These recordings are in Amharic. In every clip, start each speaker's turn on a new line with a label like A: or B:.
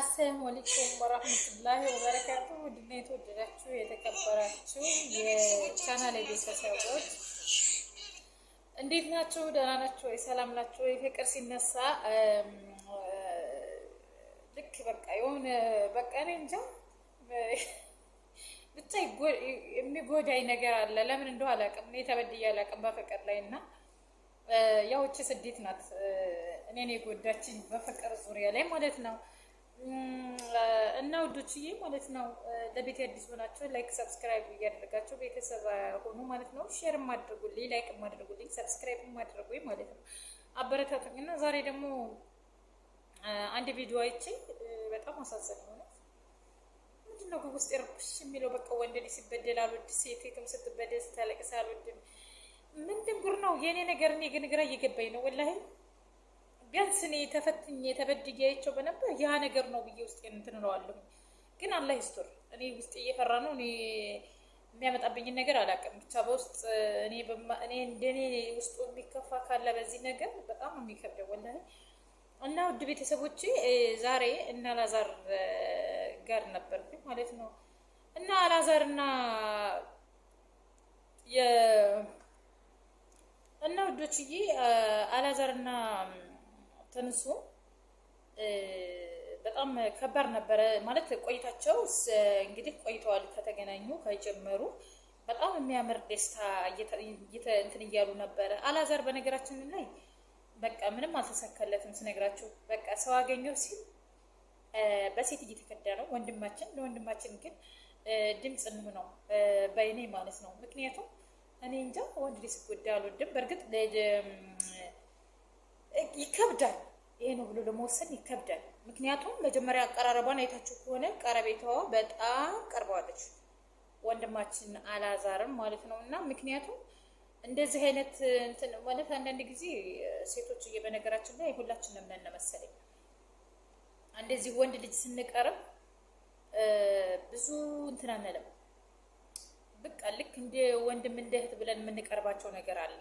A: አሰላሙ አለይኩም ወራህመቱላሂ ወበረካቱ። ውድና የተወደዳችሁ የተከበራችሁ የቻናል ቤተሰቦች እንዴት ናችሁ? ደህና ናችሁ ወይ? ሰላም ናችሁ ወይ? ፍቅር ሲነሳ ልክ በቃ የሆነ በቃ እኔ እንጃ ብቻ የሚጎዳኝ ነገር አለ። ለምን እንደው አላውቅም። እኔ ተበድዬ አላውቅም በፍቅር ላይ እና ያው እቺ ስዴት ናት እኔን የጎዳችኝ በፍቅር ዙሪያ ላይ ማለት ነው። እና ውዶችዬ ማለት ነው ለቤት አዲስ ሆናችሁ ላይክ ሰብስክራይብ እያደረጋችሁ ቤተሰብ ሆኑ ማለት ነው። ሼር ማድረጉልኝ፣ ላይክ ማድረጉልኝ፣ ሰብስክራይብ ማድረጉኝ ማለት ነው። አበረታቱኝ እና ዛሬ ደግሞ አንድ ቪዲዮ አይቼ በጣም አሳዘን ሆነ። ምንድን ነው ውስጥ ርኩሽ የሚለው በቃ ወንድ ልጅ ሲበደል አልወድ፣ ሴትም ስትበደል ስታለቅስ አልወድም። ምንድን ጉር ነው የእኔ ነገር? እኔ ግን ግራ እየገባኝ ነው ወላሂ ቢያንስ እኔ ተፈትኜ ተበድጌ አይቼው በነበር ያ ነገር ነው ብዬ ውስጤ እንትን እለዋለሁ። ግን አላህ ይስጥር። እኔ ውስጤ እየፈራ ነው። እኔ የሚያመጣብኝን ነገር አላውቅም። ብቻ በውስጥ እኔ እንደኔ ውስጡ የሚከፋ ካለ በዚህ ነገር በጣም የሚከብደው ወላሂ። እና ውድ ቤተሰቦች ዛሬ እና አላዛር ጋር ነበርኩኝ ማለት ነው እና አላዛር እና እና ውዶችዬ አላዛር እና ተነሱ በጣም ከባድ ነበረ ማለት ቆይታቸው። እንግዲህ ቆይተዋል ከተገናኙ ከጀመሩ በጣም የሚያምር ደስታ እንትን እያሉ ነበረ። አላዛር በነገራችን ላይ በቃ ምንም አልተሳካለትም ስነግራችሁ። በቃ ሰው አገኘው ሲል በሴት እየተከዳ ነው ወንድማችን። ለወንድማችን ግን ድምፅ ነው በይኔ ማለት ነው። ምክንያቱም እኔ እንጃ ወንድ ሲጎዳ አልወድም። በእርግጥ ይከብዳል ይሄ ነው ብሎ ለመወሰን ይከብዳል። ምክንያቱም መጀመሪያ አቀራረቧን አይታችሁ ከሆነ ቀረቤታዋ በጣም ቀርበዋለች ወንድማችን አላዛርም ማለት ነው እና ምክንያቱም እንደዚህ አይነት እንትን ማለት አንዳንድ ጊዜ ሴቶች በነገራችን ላይ ሁላችን ነን መሰለኝ እንደዚህ ወንድ ልጅ ስንቀርብ ብዙ እንትን አንለም። በቃ ልክ እንደ ወንድም እንደ እህት ብለን የምንቀርባቸው ነገር አለ።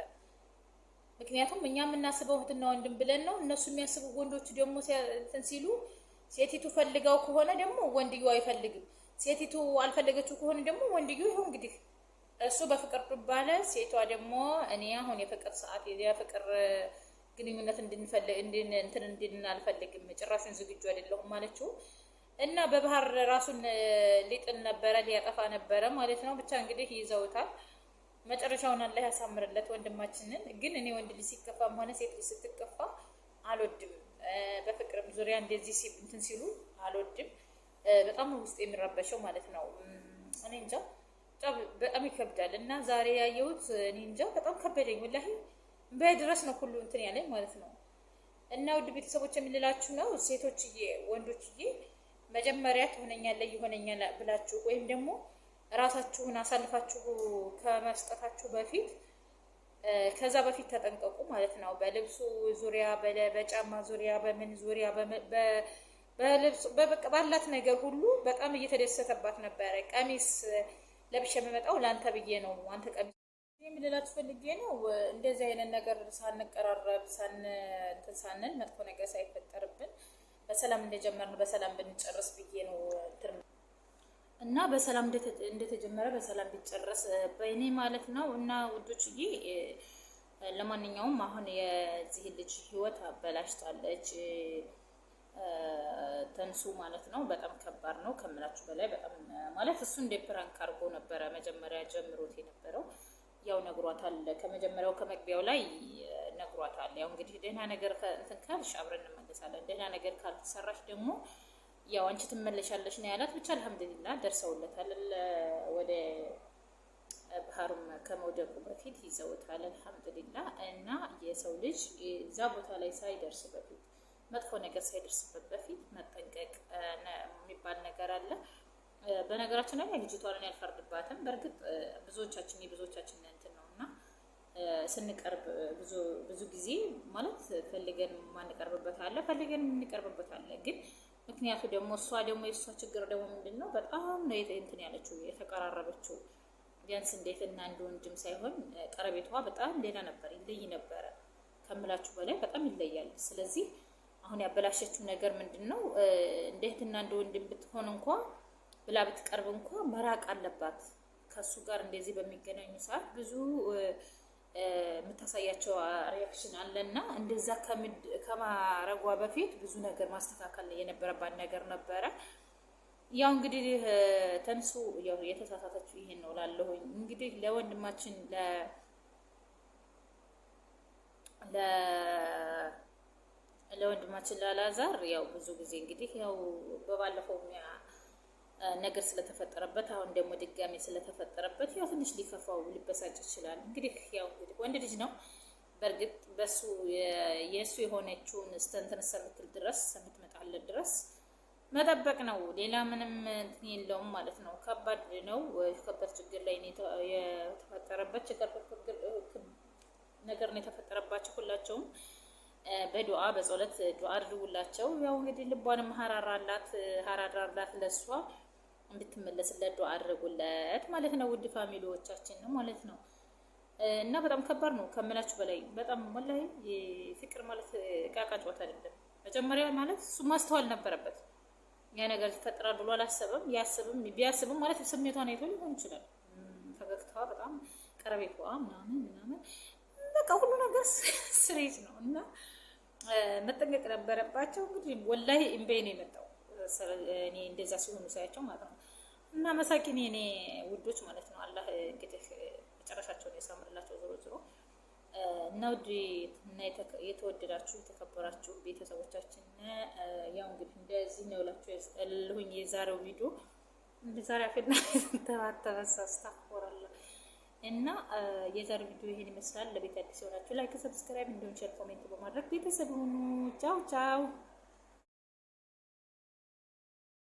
A: ምክንያቱም እኛ የምናስበው እህትና ወንድም ብለን ነው። እነሱ የሚያስቡ ወንዶቹ ደግሞ እንትን ሲሉ ሴቲቱ ፈልገው ከሆነ ደግሞ ወንድዩ አይፈልግም። ሴቲቱ አልፈለገችው ከሆነ ደግሞ ወንድዩ ይሁን እንግዲህ እሱ በፍቅር ባለ ሴቷ ደግሞ እኔ አሁን የፍቅር ሰዓት የፍቅር ግንኙነት እንድንፈልእንትን እንድን አልፈልግም ጭራሹን ዝግጁ አይደለሁም ማለችው እና በባህር ራሱን ሊጥል ነበረ ሊያጠፋ ነበረ ማለት ነው። ብቻ እንግዲህ ይዘውታል። መጨረሻውን አላህ ያሳምርለት ወንድማችንን። ግን እኔ ወንድ ልጅ ሲከፋም ሆነ ሴት ልጅ ስትከፋ አልወድም። በፍቅርም ዙሪያ እንደዚህ እንትን ሲሉ አልወድም። በጣም ውስጥ የሚረበሸው ማለት ነው። እኔ እንጃ በጣም ይከብዳል። እና ዛሬ ያየሁት እኔ እንጃ በጣም ከበደኝ። ወላሂ ድረስ ነው ሁሉ እንትን ያለኝ ማለት ነው። እና ውድ ቤተሰቦች የምንላችሁ ነው ሴቶችዬ፣ ወንዶችዬ መጀመሪያ ትሆነኛለህ ይሆነኛል ብላችሁ ወይም ደግሞ ራሳችሁን አሳልፋችሁ ከመስጠታችሁ በፊት ከዛ በፊት ተጠንቀቁ ማለት ነው። በልብሱ ዙሪያ፣ በጫማ ዙሪያ፣ በምን ዙሪያ፣ በልብሱ ባላት ነገር ሁሉ በጣም እየተደሰተባት ነበረ። ቀሚስ ለብሼ የምመጣው ለአንተ ብዬ ነው፣ አንተ ቀሚስ ይህም ፈልጌ ነው። እንደዚህ አይነት ነገር ሳንቀራረብ ሳንን መጥፎ ነገር ሳይፈጠርብን በሰላም እንደጀመርን በሰላም ብንጨርስ ብዬ ነው እና በሰላም እንደተጀመረ በሰላም ቢጨረስ በእኔ ማለት ነው። እና ውዶችዬ ለማንኛውም አሁን የዚህ ልጅ ህይወት አበላሽታለች ተንሱ ማለት ነው። በጣም ከባድ ነው ከምላችሁ በላይ በጣም ማለት እሱ እንደ ፕራንክ አድርጎ ነበረ መጀመሪያ ጀምሮት የነበረው ያው ነግሯታል። ከመጀመሪያው ከመግቢያው ላይ ነግሯታል። ያው እንግዲህ ደህና ነገር እንትን ካልሽ አብረን እንመለሳለን፣ ደህና ነገር ካልተሰራሽ ደግሞ ያው አንቺ ትመለሻለሽ ነው ያላት። ብቻ አልሐምዱሊላህ ደርሰውለታል። ወደ ባህሩም ከመውደቁ በፊት ይዘውታል። አልሐምዱሊላህ እና የሰው ልጅ እዛ ቦታ ላይ ሳይደርስ በፊት መጥፎ ነገር ሳይደርስበት በፊት መጠንቀቅ የሚባል ነገር አለ። በነገራችን ላይ ልጅቷን ያልፈርድባትም። በእርግጥ ብዙዎቻችን የብዙዎቻችን እንትን ነው እና ስንቀርብ ብዙ ጊዜ ማለት ፈልገን ማንቀርብበት አለ፣ ፈልገን የምንቀርብበት አለ ግን ምክንያቱ ደግሞ እሷ ደግሞ የእሷ ችግር ደግሞ ምንድን ነው? በጣም ነው እንትን ያለችው የተቀራረበችው። ቢያንስ እንዴት እና እንደ ወንድም ሳይሆን ቀረቤቷ በጣም ሌላ ነበር፣ ይለይ ነበረ ከምላችሁ በላይ በጣም ይለያል። ስለዚህ አሁን ያበላሸችው ነገር ምንድን ነው? እንዴት እና እንደ ወንድም ብትሆን እንኳ ብላ ብትቀርብ እንኳ መራቅ አለባት ከእሱ ጋር እንደዚህ በሚገናኙ ሰዓት ብዙ የምታሳያቸው ሪያክሽን አለና እንደዛ ከማረጓ በፊት ብዙ ነገር ማስተካከል የነበረባት ነገር ነበረ። ያው እንግዲህ ተንሱ የተሳሳተችው ይሄን ነው ላለሁኝ እንግዲህ ለወንድማችን ለ ለወንድማችን ላላዛር ያው ብዙ ጊዜ እንግዲህ ያው በባለፈው ነገር ስለተፈጠረበት አሁን ደግሞ ድጋሜ ስለተፈጠረበት ያው ትንሽ ሊከፋው ሊበሳጭ ይችላል። እንግዲህ ያው ወንድ ልጅ ነው። በእርግጥ በሱ የእሱ የሆነችውን ስተንትን እስከምትል ድረስ እስከምትመጣለት ድረስ መጠበቅ ነው። ሌላ ምንም እንትን የለውም ማለት ነው። ከባድ ነው። ከባድ ችግር ላይ የተፈጠረበት ነገር ነው የተፈጠረባቸው። ሁላቸውም በዱዓ በጸሎት ዱዓ አድርጉላቸው። ያው እንግዲህ ልቧንም ሀራራላት ሀራራላት ለእሷ እንድትመለስለት ዱዓ አድርጉለት ማለት ነው። ውድ ፋሚሊዎቻችን ነው ማለት ነው። እና በጣም ከባድ ነው ከምላችሁ በላይ በጣም ወላሂ ፍቅር ማለት እቃቃ ጨዋታ አይደለም። መጀመሪያ ማለት እሱ ማስተዋል ነበረበት። ያ ነገር ይፈጠራል ብሎ አላሰበም። ያስብም ቢያስብም ማለት ስሜቷን አይቶ ሊሆን ይችላል። ፈገግታዋ በጣም ቀረቤታዋ ምናምን ምናምን በቃ ሁሉ ነገር ስሬት ነው እና መጠንቀቅ ነበረባቸው። እንግዲህ ወላሂ እምበይ ነው የመጣው እኔ እንደዛ ሲሆኑ ሳያቸው ማለት ነው እና መሳቂን የኔ ውዶች ማለት ነው አላህ እንግዲህ መጨረሻቸውን ያሳምርላቸው። ዞሮ ዞሮ ነውድ እና የተወደዳችሁ የተከበራችሁ ቤተሰቦቻችን ያው እንግዲህ እንደዚህ ነው እላችሁ ያስጠልሁኝ የዛሬው ቪዲዮ እንደዛሬ አፌና ተባተበሳስታኮራለ እና የዛሬው ቪዲዮ ይሄን ይመስላል። ለቤት አዲስ የሆናችሁ ላይክ፣ ሰብስክራይብ እንዲሁም ሸር ኮሜንት በማድረግ ቤተሰብ ሁኑ። ቻው ቻው።